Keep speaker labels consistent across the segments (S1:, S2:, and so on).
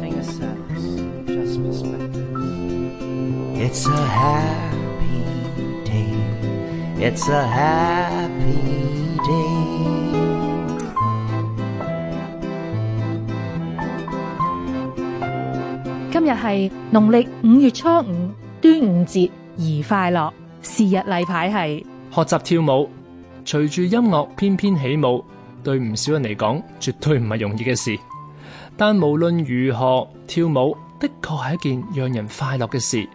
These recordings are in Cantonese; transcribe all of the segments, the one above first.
S1: It's a happy day. It's a happy day. 今日係
S2: 農曆五月初五，端午節，宜快樂。日是日例牌係
S3: 學習跳舞，隨住音樂翩翩起舞，對唔少人嚟講，絕對唔係容易嘅事。但無論如何，跳舞的確係一件讓人快樂嘅事，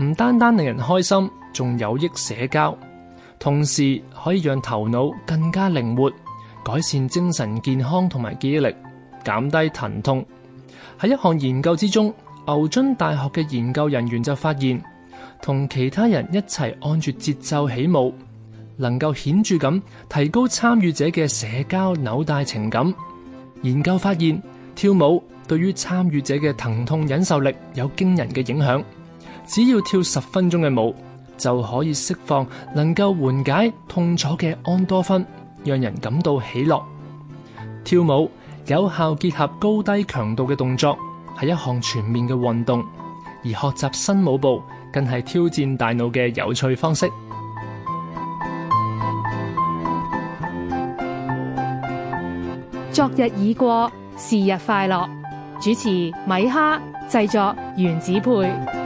S3: 唔單單令人開心，仲有益社交，同時可以讓頭腦更加靈活，改善精神健康同埋記憶力，減低疼痛。喺一項研究之中，牛津大學嘅研究人員就發現，同其他人一齊按住節奏起舞，能夠顯著咁提高參與者嘅社交紐帶情感。研究發現。跳舞對於參與者嘅疼痛忍受力有驚人嘅影響。只要跳十分鐘嘅舞，就可以釋放能夠緩解痛楚嘅安多酚，讓人感到喜樂。跳舞有效結合高低強度嘅動作，係一項全面嘅運動。而學習新舞步，更係挑戰大腦嘅有趣方式。
S4: 昨日已過。是日快樂，主持米哈，製作原子配。